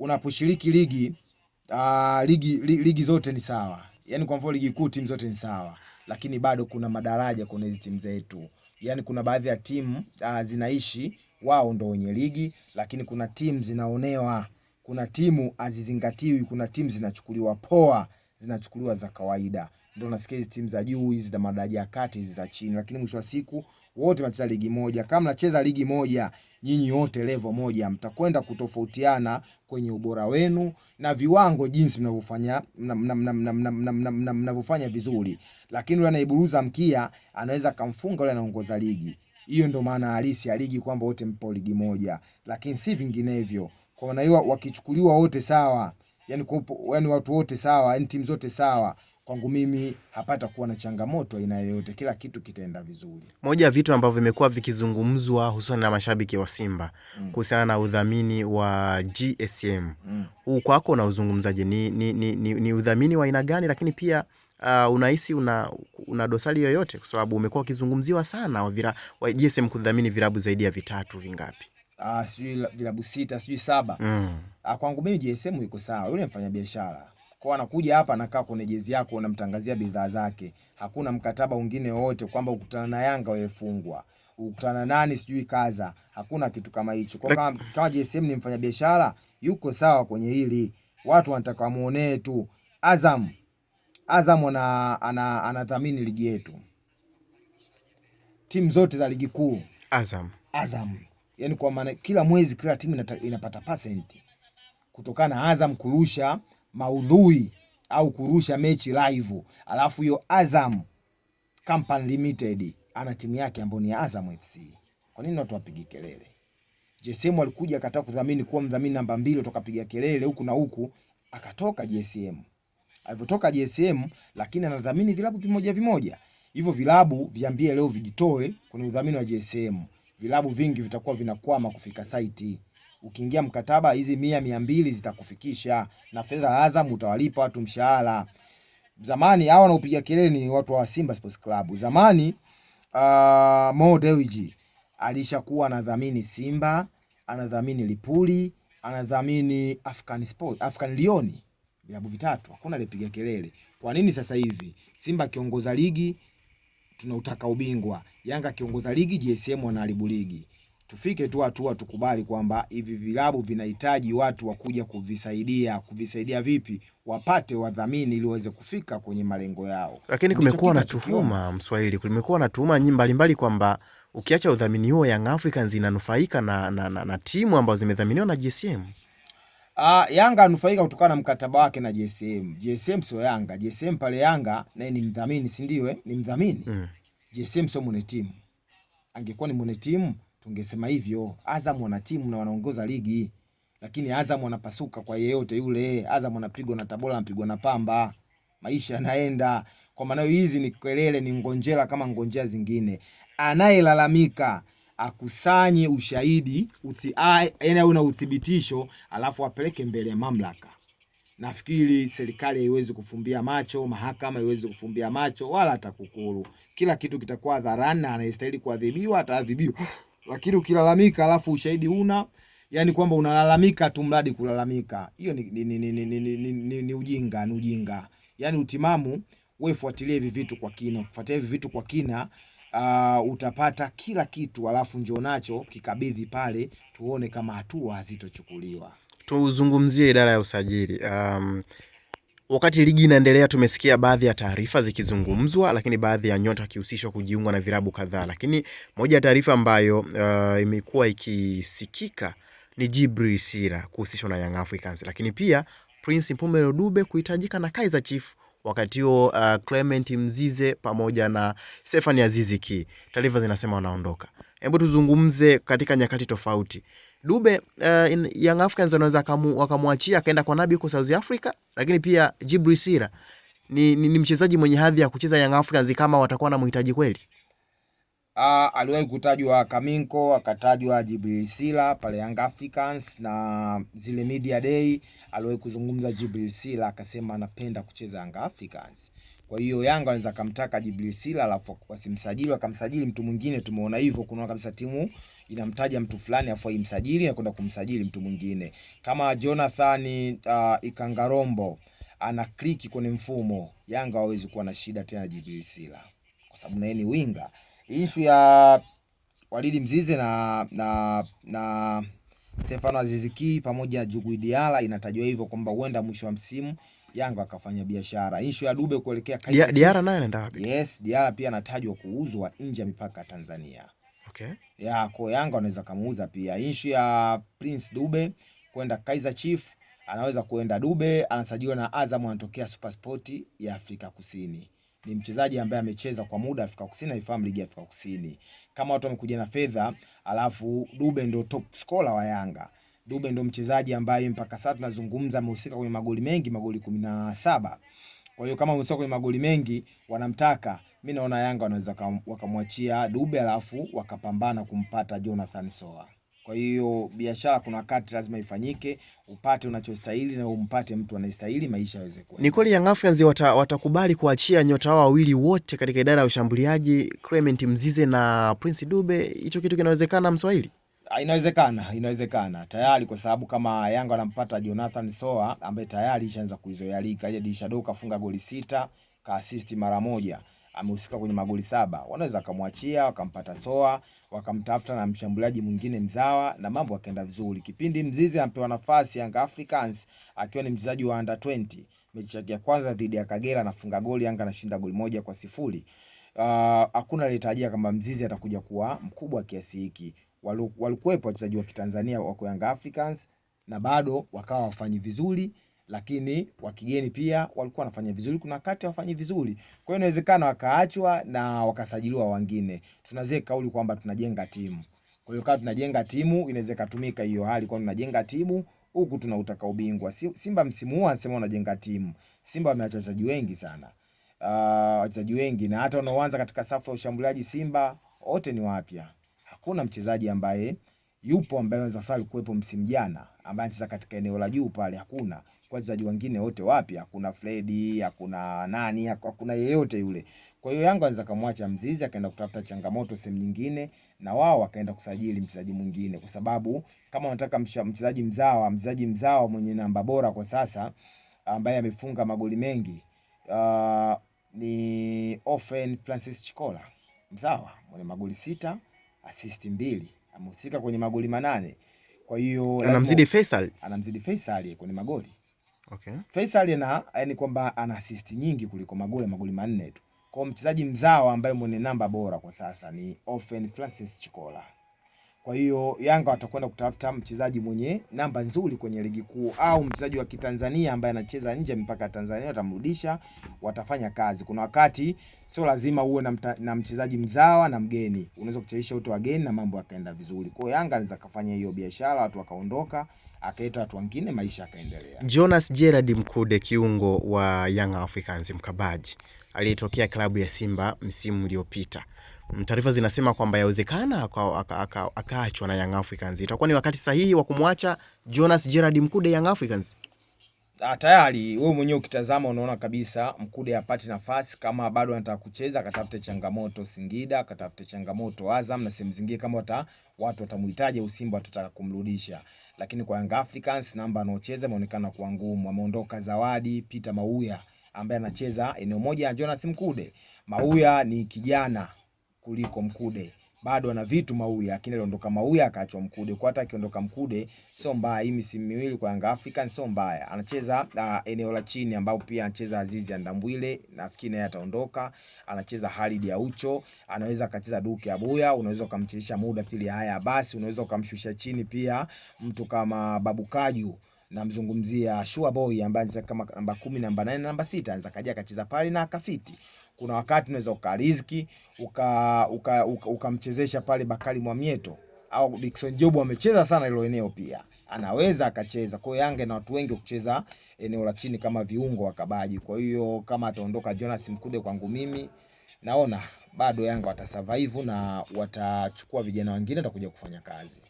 unaposhiriki ligi, uh, ligi, li, ligi zote ni sawa, yani kwa mfano ligi kuu timu zote ni sawa, lakini bado kuna madaraja kuna hizi timu zetu, yani kuna baadhi ya timu uh, zinaishi wao ndo wenye ligi, lakini kuna timu zinaonewa, kuna timu hazizingatiwi, kuna timu zinachukuliwa poa, zinachukuliwa za kawaida. Ndio nasikia hizi timu za juu hizi za madaraja ya kati hizi za chini, lakini mwisho wa siku wote mnacheza ligi moja. Kama mnacheza ligi moja, nyinyi wote level moja, mtakwenda kutofautiana kwenye ubora wenu na viwango, jinsi mnavyofanya mnavyofanya vizuri, lakini yule anaiburuza mkia anaweza kamfunga yule anaongoza ligi. Hiyo ndio maana halisi ya ligi kwamba wote mpo ligi moja, lakini si vinginevyo. Kwa maana hiyo wakichukuliwa wote sawa, yani, yani watu wote sawa, yani timu zote sawa kwangu mimi hapata kuwa na changamoto aina yoyote, kila kitu kitaenda vizuri. Moja ya vitu ambavyo vimekuwa vikizungumzwa hususan na mashabiki wa Simba mm. kuhusiana na udhamini wa GSM mm. huu mm. kwako unauzungumzaje? Ni, ni, ni, ni, ni udhamini wa aina gani? Lakini pia uh, unahisi una, una dosari yoyote, kwa sababu umekuwa ukizungumziwa sana wa vira, wa GSM kudhamini virabu zaidi ya vitatu vingapi? Uh, sijui vilabu sita sijui saba mm. Uh, kwangu mimi GSM iko sawa, yule mfanyabiashara kwa anakuja hapa anakaa kwenye jezi yako unamtangazia bidhaa zake. Hakuna mkataba mwingine wowote kwamba ukutana na Yanga wefungwa Ukutana nani sijui kaza. Hakuna kitu kama hicho. Kwa kama, kama JSM ni mfanyabiashara yuko sawa kwenye hili. Watu wanataka muonee tu. Azam Azam ana ana anadhamini ligi yetu. Timu zote za ligi kuu Azam. Azam. Yani kwa maana kila mwezi kila timu inapata percent kutokana na Azam kurusha maudhui au kurusha mechi live, alafu hiyo Azam Company Limited ana timu yake ambayo ni Azam FC. Kwa nini watu wapige kelele? JSM alikuja akataka kudhamini kuwa mdhamini namba mbili, tukapiga kelele huku na huku, akatoka JSM. Alivyotoka JSM, lakini anadhamini vilabu vimoja vimoja. Hivyo vilabu viambie leo vijitoe kwenye udhamini wa JSM, vilabu vingi vitakuwa vinakwama kufika saiti ukiingia mkataba hizi mia mia mbili zitakufikisha, na fedha Azam utawalipa watu mshahara. Zamani hawa wanaopiga kelele ni watu wa Simba Sports Club. Zamani uh, Mo Dewji alishakuwa anadhamini Simba, anadhamini Lipuli, anadhamini African Sport, African Lion, vilabu vitatu, hakuna alipiga kelele. Kwa nini sasa hivi Simba akiongoza ligi tunautaka ubingwa, Yanga akiongoza ligi JSM wanaharibu ligi tufike tu hatua tukubali kwamba hivi vilabu vinahitaji watu wa kuja kuvisaidia. Kuvisaidia vipi? Wapate wadhamini ili waweze kufika kwenye malengo yao. Lakini kumekuwa na tuhuma Mswahili, kumekuwa na tuhuma nyingi mbalimbali kwamba ukiacha udhamini huo, Young Africans inanufaika na, na, na, na timu ambazo zimedhaminiwa na GSM. Uh, ah, Yanga anufaika kutokana na mkataba wake na GSM. GSM sio Yanga. GSM pale Yanga naye ni mdhamini, si ndio? Eh? Ni mdhamini. Mm. GSM sio mwenye timu, angekuwa ni mwenye timu tungesema hivyo. Azam wana timu na wanaongoza ligi, lakini Azam wanapasuka kwa yeyote yule. Azam wanapigwa na Tabora, anapigwa na Pamba, maisha yanaenda. Kwa maana hiyo, hizi ni kelele, ni ngonjera kama ngonjera zingine. Anayelalamika akusanye ushahidi yaani una uthibitisho, alafu apeleke mbele ya mamlaka. Nafikiri serikali haiwezi kufumbia macho, mahakama haiwezi kufumbia macho, wala atakukuru. Kila kitu kitakuwa dharani na anayestahili kuadhibiwa ataadhibiwa. Lakini ukilalamika alafu ushahidi una yani kwamba unalalamika tu mradi kulalamika, hiyo ni, ni, ni, ni, ni, ni, ni, ni ujinga, ni ujinga. Yani utimamu, wewe fuatilie hivi vitu kwa kina. fuatilia hivi vitu kwa kina uh, utapata kila kitu, alafu njoo nacho kikabidhi pale, tuone kama hatua zitochukuliwa. Tuzungumzie idara ya usajili um, Wakati ligi inaendelea, tumesikia baadhi ya taarifa zikizungumzwa, lakini baadhi ya nyota wakihusishwa kujiunga na vilabu kadhaa. Lakini moja ya taarifa ambayo uh, imekuwa ikisikika ni Jibril Sira kuhusishwa na Young Africans, lakini pia Prince Mpumelelo Dube kuhitajika na Kaizer Chiefs wakati huo uh, Clement Mzize pamoja na Stephanie Azizi Ki taarifa zinasema wanaondoka. Hebu tuzungumze katika nyakati tofauti Dube uh, in Young Africans wanaweza wakamwachia akaenda kwa Nabi huko South Africa, lakini pia Jibri Sira ni, ni, ni mchezaji mwenye hadhi ya kucheza Young Africans kama watakuwa na mhitaji kweli. Uh, aliwahi kutajwa Kaminko, akatajwa Jibril Sila pale Young Africans na zile media day, aliwahi kuzungumza Jibril Sila akasema anapenda kucheza Young Africans. Kwa hiyo Yanga wanaweza wakamtaka Jibril Sila alafu wasimsajili wakamsajili mtu mwingine. Tumeona hivyo, kuna kabisa timu inamtaja mtu fulani afu imsajili na kwenda kumsajili mtu mwingine kama Jonathan uh, Ikangarombo ana kliki kwenye mfumo Yanga hawezi kuwa na shida tena Jibril Sila kwa sababu naye ni winga. Issue ya Walidi Mzize na na na Stefano Aziziki pamoja na Djugu Diala inatajwa hivyo kwamba huenda mwisho wa msimu Yanga akafanya biashara. Ishu ya Dube kuelekea Kaizer. Diara naye anaenda wapi? Yes, Diara pia anatajwa kuuzwa nje ya mipaka ya Tanzania. Okay. Ya, kwa Yanga anaweza kamuuza pia. Ishu ya Prince Dube kwenda Kaizer Chief, anaweza kuenda Dube, anasajiliwa na Azam anatokea Sport ya Afrika Kusini. Ni mchezaji ambaye amecheza kwa muda Afrika Kusini, haifahamu ligi ya Afrika Kusini. Kama watu wamekuja na fedha, alafu Dube ndio top scorer wa Yanga. Dube ndo mchezaji ambaye mpaka sasa tunazungumza amehusika kwenye magoli mengi, magoli kumi na saba. Kwa hiyo kama amehusika kwenye magoli mengi wanamtaka, mi naona Yanga wanaweza wakamwachia Dube alafu wakapambana kumpata Jonathan Soa. Kwa hiyo biashara kuna wakati lazima ifanyike, upate unachostahili na umpate mtu anayestahili, maisha yaweze kuwa. Ni kweli Young Africans watakubali kuachia nyota wao wawili wote katika idara ya ushambuliaji, Clement Mzize na Prince Dube? Hicho kitu kinawezekana, Mswahili? Inawezekana, inawezekana tayari, kwa sababu kama Yanga wanampata Jonathan Soa ambaye tayari ishaanza kuizoea ligi, kaja dirisha dogo kafunga goli sita, ka assist mara moja, amehusika kwenye magoli saba. Wanaweza wakamwachia wakampata Soa wakamtafuta na mshambuliaji mwingine mzawa, na mambo yakaenda vizuri. Kipindi Mzizi ampewa nafasi Yanga Africans akiwa ni mchezaji wa under 20 mechi yake ya kwanza dhidi ya Kagera anafunga goli, Yanga anashinda goli moja kwa sifuri. Uh, Hakuna uh, kama Mzizi atakuja kuwa mkubwa kiasi hiki walikuwepo wachezaji wa Kitanzania wako Young Africans na bado wakawa wafanyi vizuri, lakini wa kigeni pia walikuwa wanafanya vizuri, kuna wakati wafanyi vizuri. Kwa hiyo inawezekana wakaachwa na wakasajiliwa wengine. Tunazie kauli kwamba tunajenga timu. Kwa hiyo kama tunajenga timu inaweza ikatumika hiyo hali kwa tunajenga timu huku tunautaka ubingwa. Simba msimu huu anasema unajenga timu. Simba wameacha wachezaji wengi sana. Uh, wachezaji wengi na hata wanaoanza katika safu ya ushambuliaji Simba wote ni wapya hakuna mchezaji ambaye yupo ambaye anaweza sasa kuwepo msimu jana ambaye anacheza katika eneo la juu pale, hakuna. Kwa wachezaji wengine wote wapi? hakuna Fredi, hakuna nani, hakuna yeyote yule. Kwa hiyo Yanga anaweza kumwacha Mzizi akaenda kutafuta changamoto sehemu nyingine, na wao wakaenda kusajili mchezaji mwingine, kwa sababu kama wanataka mchezaji mzawa, mchezaji mzawa mwenye namba bora kwa sasa ambaye amefunga magoli mengi uh, ni Ofen Francis Chikola mzawa mwenye magoli sita assist mbili, amehusika kwenye magoli manane. Kwa hiyo anamzidi Faisal, anamzidi Faisal kwenye magoli okay. Faisal ana yani kwamba ana assist nyingi kuliko magoli, magoli manne tu. Kwa mchezaji mzawa ambaye mwenye namba bora kwa sasa ni Offen Francis Chikola. Kwa hiyo Yanga watakwenda kutafuta mchezaji mwenye namba nzuri kwenye ligi kuu au mchezaji wa Kitanzania ambaye anacheza nje mpaka Tanzania, watamrudisha, watafanya kazi. Kuna wakati sio lazima uwe na, na mchezaji mzawa na mgeni, unaweza kuchezesha wote wageni na mambo yakaenda vizuri. Kwa hiyo Yanga anaweza kafanya hiyo biashara, watu wakaondoka akaleta watu wengine, maisha yakaendelea. Jonas Gerard Mkude, kiungo wa Young Africans mkabaji aliyetokea klabu ya Simba msimu uliopita. Mm, taarifa zinasema kwamba yawezekana akaachwa na Young Africans. Itakuwa ni wakati sahihi wa kumwacha Jonas Gerard Mkude Young Africans? Ah, tayari wewe mwenyewe ukitazama unaona kabisa Mkude apate nafasi. Kama bado anataka kucheza, akatafute changamoto Singida, akatafute changamoto Azam na sehemu zingine, kama wata, watu watamhitaji au Simba watataka kumrudisha. Lakini kwa Young Africans namba anaocheza imeonekana kuwa ngumu. Ameondoka Zawadi Peter Mauya ambaye anacheza eneo moja ya Jonas Mkude. Mauya ni kijana kuliko Mkude. Bado ana vitu Mauya, lakini aliondoka Mauya akaachwa Mkude. Kwa hata akiondoka Mkude sio mbaya, hii misimu miwili kwa Yanga African sio mbaya. Anacheza uh, eneo la chini ambapo pia anacheza Azizi Andambwile, nafikiri naye ataondoka. Anacheza Halid Aucho, anaweza akacheza Duke Abuya, unaweza ukamchezesha muda pili haya basi, unaweza ukamshusha chini pia mtu kama Babu Kaju namzungumzia Shua Boy ambaye anacheza kama namba kumi, namba nane, namba sita, anaweza kaja akacheza pale na akafiti. Kuna wakati unaweza ukariziki ukamchezesha uka, uka pale Bakari Mwamieto au Dickson Jobu amecheza sana hilo eneo, pia anaweza akacheza. Kwa hiyo Yanga na watu wengi kucheza eneo la chini kama viungo wakabaji. Kwa hiyo kama ataondoka Jonas Mkude, kwangu mimi naona bado Yanga watasurvive na watachukua vijana wengine watakuja kufanya kazi.